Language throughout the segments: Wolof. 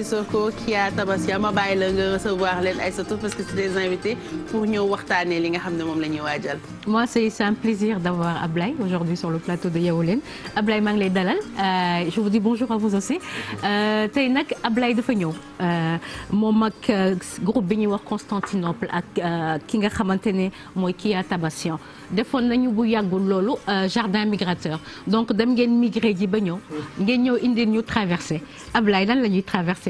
Sissoko Kya Tabasia ma bàyyi la nga recevoir leen Aïssatou parce que c'est des invités pour ñëw waxtaanee li nga xam ne moom la ñuy waajal. moi c'est un plaisir d'avoir Ablaye aujourd'hui sur le plateau de Yeewu Leen Ablaye maa ngi lay dalal euh, je vous dis bonjour à vous aussi euh, tey nag Ablaye dafa ñëw euh, moom ak groupe bi ñuy wax Constantinople ak ki nga xamante ne mooy Kya Tabasia defoon nañu bu yàggul loolu jardin migrateur donc dem ngeen migré ji ba ñëw. ngeen ñëw indil ñu traversé Ablaye lan la ñuy traversé.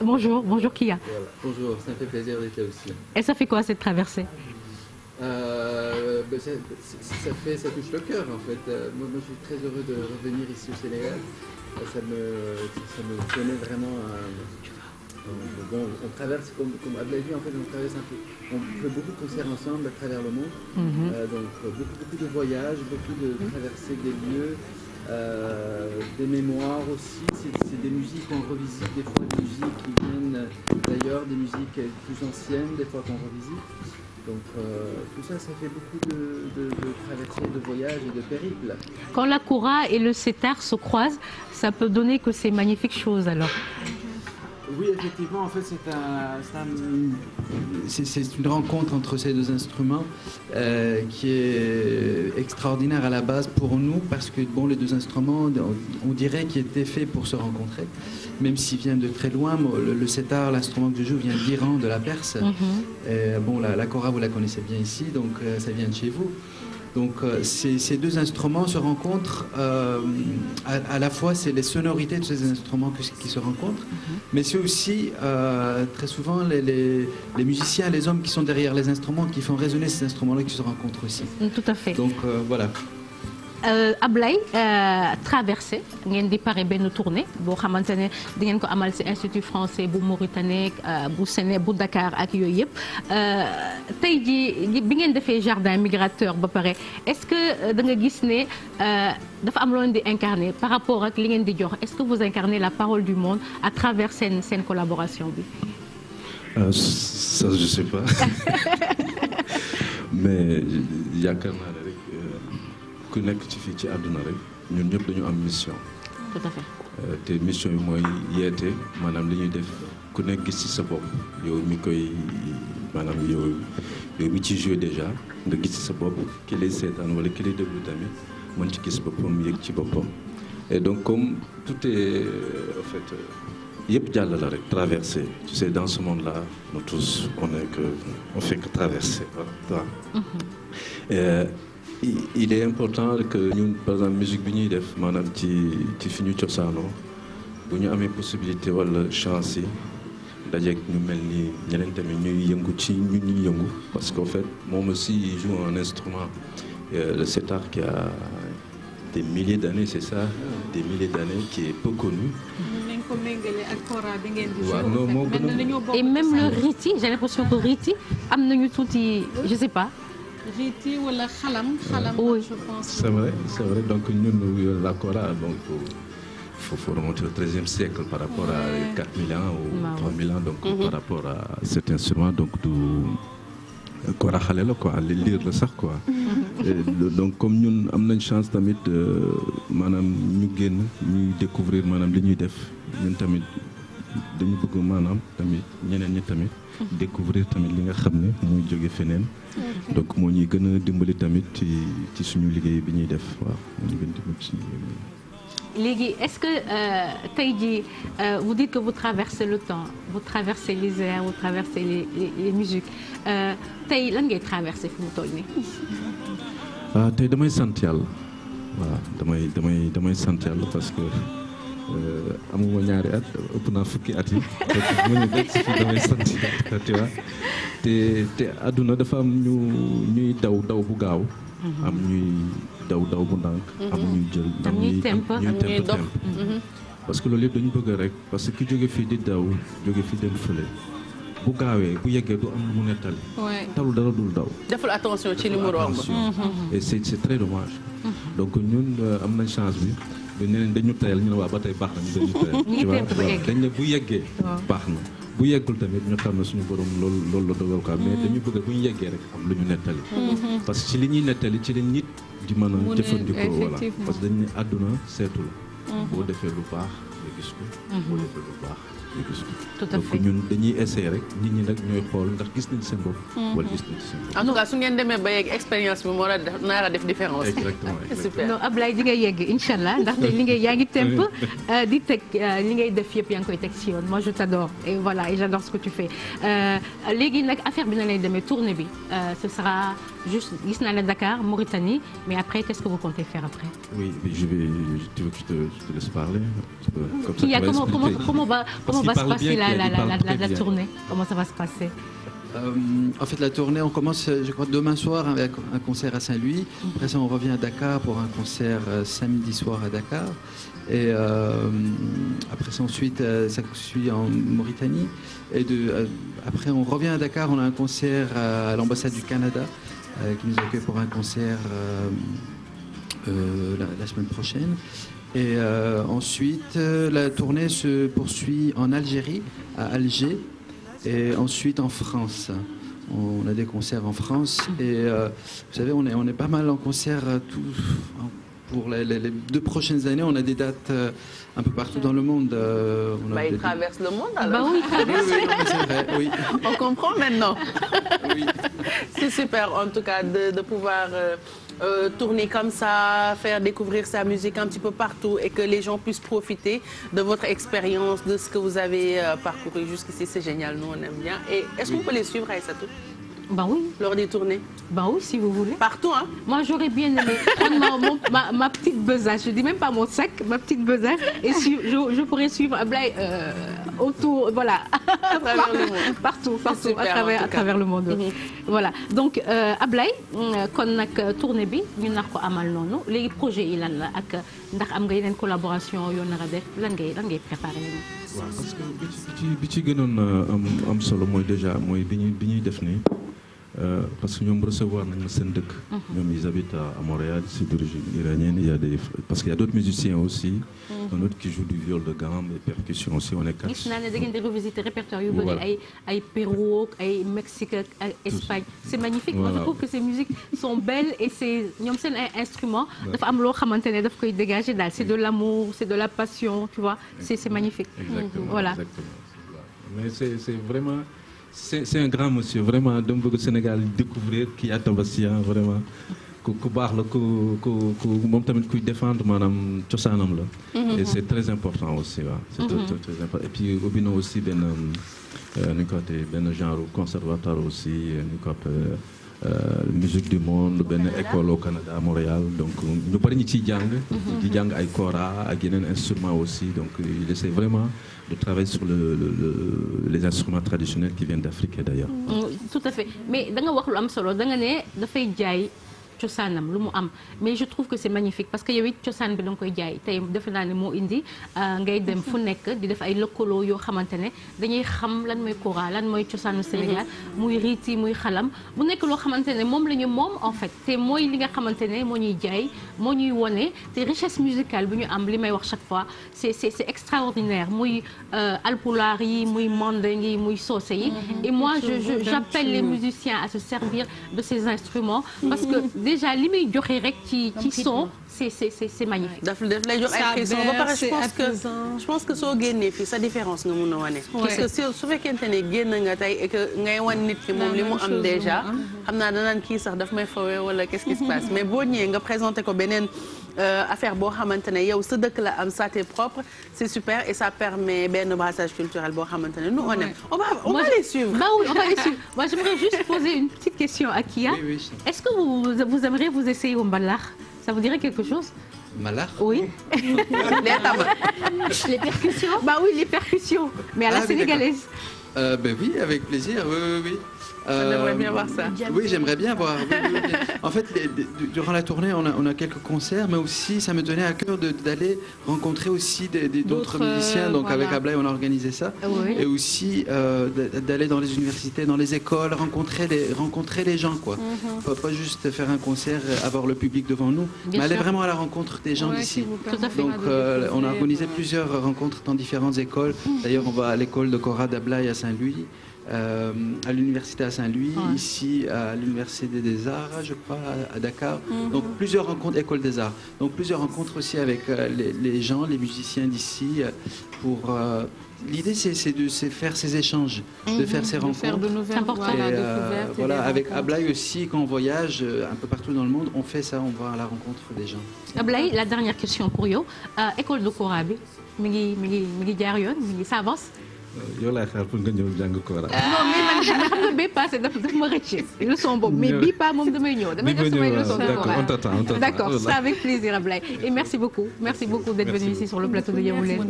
Bonjour, bonjour Kia. Voilà, bonjour, ça me fait plaisir d'être là aussi. Et ça fait quoi cette traversée euh, ben, ça, ça, touche le cœur en fait. Euh, moi, je suis très heureux de revenir ici Sénégal. Euh, ça me, ça me vraiment euh, comme, comme en fait, on traverse un peu. On fait beaucoup de concerts ensemble à travers le monde. Mhm. donc, beaucoup, de voyages, beaucoup de mhm. traversées des lieux. des mémoires aussi. C'est des musiques qu'on revisite, des musiques qui viennent d'ailleurs, des musiques plus anciennes, des fois qu'on revisite. Donc euh, tout ça, fait beaucoup de, de, de voyages et de périples. Quand la Cora et le Sétar se croisent, ça peut donner que ces magnifiques choses alors. Oui, effectivement, en fait, c'est un, un, une rencontre entre ces deux instruments euh, qui est extraordinaire à la base pour nous parce que bon, les deux instruments, on, on dirait qu'ils étaient faits pour se rencontrer, même s'ils viennent de très loin. Le, le setar, l'instrument que je joue, vient d'Iran, de la Perse. Mm -hmm. Et, bon, la, la kora, vous la connaissez bien ici, donc euh, ça vient de chez vous. Donc euh, ces, ces, deux instruments se rencontrent, euh, à, à, la fois c'est les sonorités de ces instruments que, qui se rencontrent, mm -hmm. mais c'est aussi euh, très souvent les, les, les, musiciens, les hommes qui sont derrière les instruments, qui font résonner ces instruments-là qui se rencontrent aussi. Tout à fait. Donc euh, voilà. Euh, Ablay euh, traversé ngeen di pare benn tournée boo xamante ne dingeen ko amal ci institut français bu Mauritanie euh, bu sene bu Dakar ak yooyu yëpp tey ji bi ngeen defee jardin migrateur ba pare est-ce que da nga gis ne dafa am loon di incarner par rapport ak li ngeen di jox est-ce que vous incarnez la parole du monde à travers seen seen collaboration bi. Euh, je sais pas mais yaakaar naa ku nekk ci fii ci àdduna rek ñun ñëpp dañu am mission. tout à fait. Euh, te mission bi mooy yeete maanaam li ñuy def ku nekk gis ci sa bopp yow mi koy maanaam yow yow mi ci joué déjà nga gis ci sa bopp ki lay seetaan wala ki lay déglu tamit mën ci gis boppam yëg ci boppam. et donc comme tout est euh, en fait euh, yëpp jàll la rek traversé tu sais dans ce monde là nous tous on est on fait traverser voilà. Mm-hmm. il est important que ñun par exemple musique bi ñuy def maanaam ci ci fi ñu cosaanoo bu ñu amee possibilité wala chance yi dajeeg ñu mel ni ñeneen tamit ñuy yëngu ci ñun ñuy yëngu parce qu'en fait moom aussi il un instrument le euh, sitar qui a des milliers d'années c'est ça des milliers d'années qui est peu connu waaw non moo gën et même le riti j'ai l'impression que je sais pas Riti wala xalam. xalam oui. je pense. c'est donc ñun la euh, Kora donc il faut, faut au treizième siècle par rapport ouais. à quatre mille ans ou trois mille ans donc mhm. par rapport à cet instrument donc du Kora xale la quoi li liir la sax quoi. Mhm. donc comme ñun am nañ chance tamit euh, maanaam ñu génn ñuy découvrir maanaam li ñuy def ñun tamit. dañu bëgg maanaam tamit ñeneen ñi tamit découvrir tamit li nga xam ne muy jóge feneen donc moo ñuy gën a dimbali tamit ci ci suñu liggéey bi ñuy def waaw moo ñuy gën a dimbali suñu liggéey léegi est-ce que euh, tey jii euh, vous di que vous traversez le temps vous traversez les airs vous traversez les les, euh, tey lan ngay traverser fi mu toll nii. ah tey damay sant waaw damay damay damay sant parce que. Euh, amuma ñaari at ëpp naa fukki at yi mu ne rek fii damay te te àdduna dafa am ñu ñuy daw daw bu gaaw mhm. am ñuy daw daw bu ndànk mhm. am ñuy jël am ñuy temp temp mhm. parce que loolu yëpp dañu bëgg rek parce que ki jóge fii di daw jóge fii dem fële bu gaawee bu yeggee du am lu mu nettali talu dara dul daw deful attention ci li mu romb et c'est c'est donc ñun euh, am na chance bi ba ñeneen dañu tayal ñu ne waa ba tey baax na ñu dañu tayal dañ ne bu yeggee baax na bu yeggul tamit ñu xam ne suñu borom loolu loolu la dogal quoi mais dañu bëgg bu ñu yeggee rek am lu ñu nettali mm-hmm. parce que ci li ñuy nettali ci la nit di mën a jëfandikoo voilà parce que dañ ne àdduna seetu la mm-hmm. boo defee lu baax nga gis ko boo mm-hmm. defee lu baax tout à fait gis nañ seen bopp. Mhm. wala gis nañ seen su ngeen demee ba yegg expérience bi moo def nar a def différence. exactement super non Ablaye di nga yegg incha allah ndax li ngay yaa ngi temp euh, di teg euh, li ngay def yëpp yaa ngi koy teg si yoon moi je t'adore et voilà et j'adore ce euh, léegi nag affaire bi na lay demee tournée bi ce sera. juste gis naa la Dakar Mauritanie mais après qu'est-ce que vous comptez faire après. oui je vais tu veux que je te, je te laisse parler. comme ça comment, va comment, comment va, comment va se passer la, la, la, la tournée comment ça va se passer. Euh, en fait, la tournée, on commence, je crois, demain soir avec un concert à Saint-Louis. Après ça, on revient à Dakar pour un concert euh, samedi soir à Dakar. Et euh, après ça, ensuite, euh, ça suit en Mauritanie. Et de, euh, après, on revient à Dakar, on a un concert euh, à l'ambassade du Canada. Euh, qui nous accueille pour un concert euh, euh, la, la, semaine prochaine. Et ensuite, la tournée se poursuit en Algérie, à Alger, et ensuite en France. On a des concerts en France et vous savez, on est, on est pas mal en concert tout, en pour les, les, les, deux prochaines années, on a des dates euh, un peu partout dans le monde. Euh, on a bah, ils des... traversent le monde ah alors. Bah oui, ils traversent. Oui, oui, non, vrai, oui. On comprend maintenant. C'est super en tout cas de, de pouvoir euh, euh, tourner comme ça, faire découvrir sa musique un petit peu partout et que les gens puissent profiter de votre expérience, de ce que vous avez euh, parcouru jusqu'ici. C'est génial, nous on aime bien. Et est-ce qu'on peut les suivre à Essatou Bah oui. Lors des tournées. Bah oui, si vous voulez. Partout, hein. Moi, j'aurais bien aimé prendre ma, mon, ma, ma, petite besace. Je dis même pas mon sac, ma petite besace. Et si, je, je, pourrais suivre Ablaï euh, autour, voilà. À travers le monde. Partout, partout, super, à, travers, à travers le monde. Mm -hmm. Voilà. Donc, euh, Ablaï, euh, kon nag euh, tournée bi ñu nar ko amal noonu léegi projet yi lan la ak ndax am nga yeneen collaboration yoo nar a def lan ngay lan ngay préparé waaw parce que bi ci bi ci gënoon euh, am am solo mooy déjà mooy bi ñuy bi ñuy def nii. Euh, parce que ñoom recevoir nañ ma seen dëkk. Mhm. ñoom ils habitent à Montréal c'est d'origine iranienne il y a des parce qu'il y a d'autres musiciens aussi. Mhm. un autre qui joue du viol de gambe et percussion aussi on est quatre. gis naa ne da ngeen di revisiter répertoire yu bëri ay ay Pérou ay Mexique ak Espagne. c'est magnifique voilà. moi je trouve que ces musiques sont belles et c'est ñoom seen ay instruments. dafa am loo xamante ne daf koy dégager daal c'est de l'amour c'est de la passion tu vois c'est c'est magnifique. Exactement, mhm. voilà exactement. mais c'est c'est vraiment. c'est c'est un grand monsieur vraiment dama bëgg Sénégal découvrir kii Atabassi vraiment ku ku baax la ku ku ku moom tamit kuy défendre maanaam cosaanam la. Mhm. et c'est très important aussi waaw. c'est très mhm. très important et puis aussi ben euh, nu benn genre conservatoire aussi euh, nu ñu Euh, musique du monde benn école au Canada Montréal donc ñu bari ñu ciy jàng. di jàng ay kora ak yeneen instruments aussi donc il essaie vraiment de travailler sur le, le, le les instruments traditionnels qui viennent d'Afrique et d'ailleurs. Mm, tout à fait mais da nga wax lu am solo da nga ne dafay jaay. cosaanam lu mu am mais je trouve que c'est magnifique parce que yow it cosaan bi da nga koy jaay tey defe naa ne moo indi euh, ngay dem fu nekk di def ay lëkkaloo yoo xamante ne dañuy xam lan mooy kora lan mooy cosaanu Sénégal mm-hmm. muy riiti muy xalam bu nekk loo xamante ne moom la ñu moom en fait te mooy li nga xamante ne moo ñuy jaay moo ñuy wone te richesse musicale bu ñu am li may wax chaque fois c'est c'est c'est extraordinaire muy euh, alpulaar yi muy mandeng yi muy soose yi mm-hmm. et moi je j'appelle les musiciens à se servir de ces instruments parce que mm-hmm. déjà li may joxe rek ci ci son c'est c'est c'est magnifique. daf lay jox ay pression ba pare je pense que je pense que soo génnee fii sa différence nga mun a wane. parce que su fekkente ne génn nga tey et que ngay wan nit ki moom li mu am déjà. xam naa danaan kii sax daf may fawee wala qu'est-ce qui se passe mais boo ñëwee nga présenté ko beneen. Euh, affaire boo xamante ne yow sa dëkk la am ça t'est propre c'est super et ça permet benn brassage culturel boo xamante ne nous on aime. on va on va les suivre. bah oui on va les suivre moi j'aimerais juste poser une petite question à Kia. est-ce que vous vous aimeriez vous essayer au mbalax. Ça vous dirait quelque chose Malar Oui. les percussions Bah oui, les percussions, mais à la ah, sénégalaise. Oui, euh, ben oui, avec plaisir, oui, oui, oui. Euh, j'aimerais bien voir ça. Oui, j'aimerais bien voir. Oui, oui, oui. En fait, les, durant la tournée, on a, on a, quelques concerts, mais aussi, ça me tenait à cœur d'aller rencontrer aussi d'autres musiciens. Donc, voilà. avec Ablay, on a organisé ça. Ah Et aussi euh, d'aller dans les universités, dans les écoles, rencontrer les, rencontrer les gens, quoi. Mm -hmm. Pas juste faire un concert, avoir le public devant nous, bien mais sûr. aller vraiment à la rencontre des gens ouais, d'ici. Donc, euh, on a organisé ouais. Euh, plusieurs rencontres dans différentes écoles. Mm-hmm. D'ailleurs, on va à l'école de Cora d'Ablay à Saint-Louis. euh, à l'université à Saint-Louis, ouais. ici à l'université des Arts, je crois, à, à Dakar. Mm -hmm. Donc plusieurs rencontres, École des Arts. Donc plusieurs rencontres aussi avec euh, les, les, gens, les musiciens d'ici. Euh, pour euh, L'idée, c'est de faire ces échanges, mm -hmm. de mhm. faire ces de rencontres. Faire de nouvelles important, et, euh, la découverte et voilà, avec Ablaï aussi, quand on voyage un peu partout dans le monde, on fait ça, on va à la rencontre des gens. Ablaï, la dernière question pour vous. école de Korabi, ça avance Euh, yow laay xaar pour nga ñëw jàng Kora. Ah. non mais man xam nga passé daf ma rëcc leçon boobu mais bii pas moom damay ñëw damay def samay leçon d' accord ça avec plaisir Ablaye et merci beaucoup merci beaucoup d' être venu ici sur le plateau de Yeewu Leen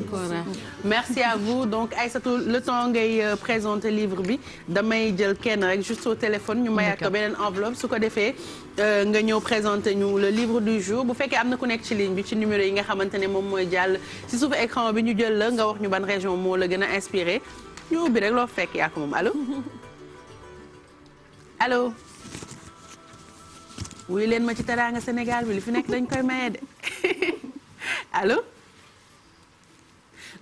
merci à vous donc Aïssatou le temps ngay euh, présenter livre bi damay jël kenn rek juste au téléphone ñu mayaat ko beneen enveloppe su ko defee euh, nga ñëw présenter ñu le livre du jour bu fekkee am na ku nekk ci ligne bi ci numéro yi nga xamante ne moom mooy jàll si suuf écran bi ñu jël la nga wax ñu ban région moo la gën a inspiré wootee ñu ubbi rek loo fekk yaa ko moom allo allo wuyu leen ma ci teraanga Sénégal bi li fi nekk dañ koy maye de allo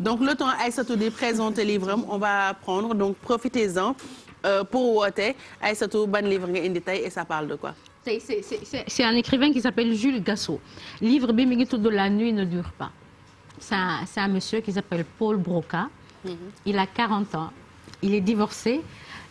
donc le temps Aïssatou di présenter livre am on va prendre donc profitez-en euh, pour woote Aïssatou ban livre nga indi tey et ça parle de quoi. tey c'est c'est c'est un écrivain qui s'appelle Jules Gassot livre bi mi ngi tudd La nuit ne dure pas c'est un, c'est un monsieur qui s'appelle Paul Broca. Mm-hmm. il a 40 ans il est divorcé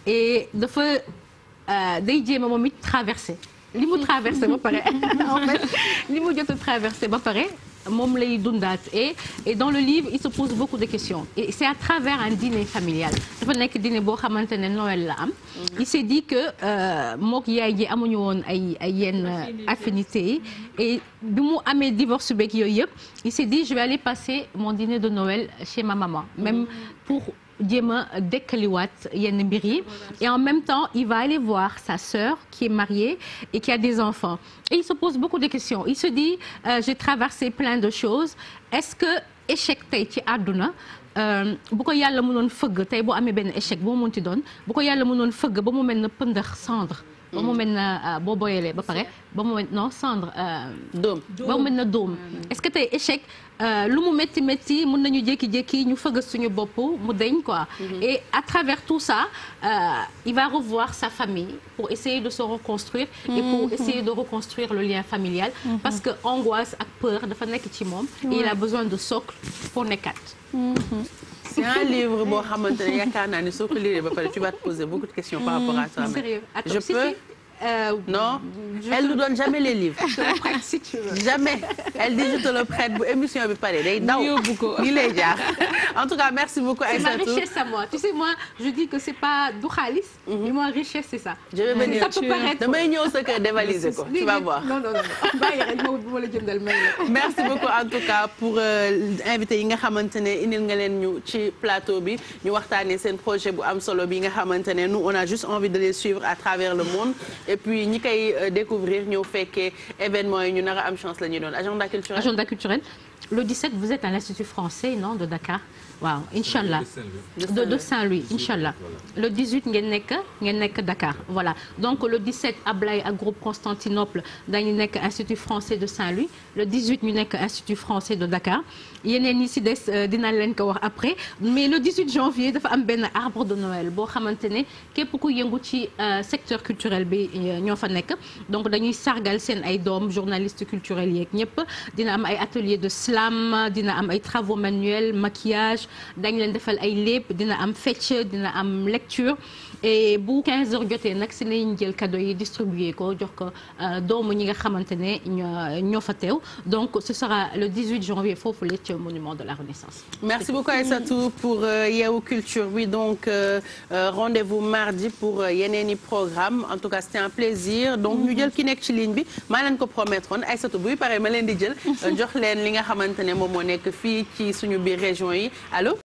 et dafa euh, day jéema moom it traversé li mu traversé ba pare en fait li mu jot a traversé ba pare moom lay dundaat et et dans le livre il se pose beaucoup de questions et c'est à travers un dîner familial dafa nekk dîner boo xamante ne Noël la am mhm. il s'est dit que euh, mook yaay ji amuñu woon ay ay yenn affinité yi et bi mu amee divorce beeg yooyu yëpp il s'est dit je vais aller passer mon dîner de Noël chez ma maman même mhm. pour jéem a dëkkaliwaat yenn mbir yi et en même temps il va aller voir sa sœur qui est mariée et qui a des enfants et il se pose beaucoup de questions il se dit euh, j'ai traversé plein de choses est-ce que échec tey ci àdduna euh, bu ko yàlla mënoon fëgg tey boo amee benn échec boo mënti doon bu ko yàlla mënoon fëgg ba mu mel ne pëndax cendre ba mu mel na euh, boo boyalee ba pare ba mu mel no cendre. Euh, doom ba mu mel na doom. est-ce que tey échec euh, lu mu métti métti mën nañu jékki-jékki ñu fëgg suñu bopp mu deñ quoi. Mm-hmm. et à travers tout ça il va revoir sa famille pour essayer de se reconstruire. et pour mm-hmm. essayer de reconstruire le lien familial. Mm-hmm. parce que angoisse a peur dafa nekk ci moom. il a besoin de socle pour nekkaat. c'est un livre boo xamante ne yaakaar naa ne soo ko lire ba pare tu vas te poser beaucoup de questions. par rapport à toi-même. sérieux je peux Euh, non elle nous donne jamais les livres. si tu veux. jamais elle dit je bu émission bi pare day daw. yóbbu ko nii lay jaar en tout cas merci beaucoup. Aïssatou c'est ma richesse à moi tu sais moi je dis que c'est pas du xaalis. Mhm. mais ma richesse c'est ça. je vais venir damay ñëw sa kër dévaliser ko non non non ma wut ma la jëndal may la. merci beaucoup en tout cas pour euh, invité yi nga xamante ne indil nga leen ñu ci plateau bi ñu waxtaanee seen projet bu am solo bi nga xamante ne nous on a juste envie de les suivre à travers le monde. et puis ñi koy euh, découvrir ñëw fekkee événement yi ñu nar am chance la ñuy doon agenda culturel. agenda culturel le 17 vous êtes à l'Institut waaw incha allah de Saint-Louis incha allah le 18 ngeen nekk ngeen nekk Dakar voilà donc le 17 Ablaye ak groupe Constantinople dañu nekk institut français de Saint-Louis le 18 ñu nekk institut français de Dakar yeneen yi si des euh, dina leen ko wax après mais le 18 janvier dafa am benn arbre de Noël boo xamante ne képp ku yëngu ci euh, secteur culturel bi euh, ñoo fa nekk donc dañuy sargal seen ay doom journaliste culturel yeeg ñëpp dina am ay atelier de slam dina am ay travaux manuels maquillage dañ leen defal ay lépp dina am fecc dina am lecture bu quinze heures jotee nag si lañ jël cadeau yi distribuer ko jox ko euh, doomu ñi nga xamante ne ñoo fa donc ce sera le 18 janvier foofu la ci monument de la renaissance. merci beaucoup Aïssatou pour euh, Yeewu Culture bi donc euh, rendez-vous mardi pour yeneen i programme en tout cas c'était un plaisir donc ñu jël ki nekk ci ligne bi maa leen ko promettre woon Aïssatou buy paree ma leen di jël jox leen li nga xamante ne moom moo nekk fii ci suñu biir région yi allo.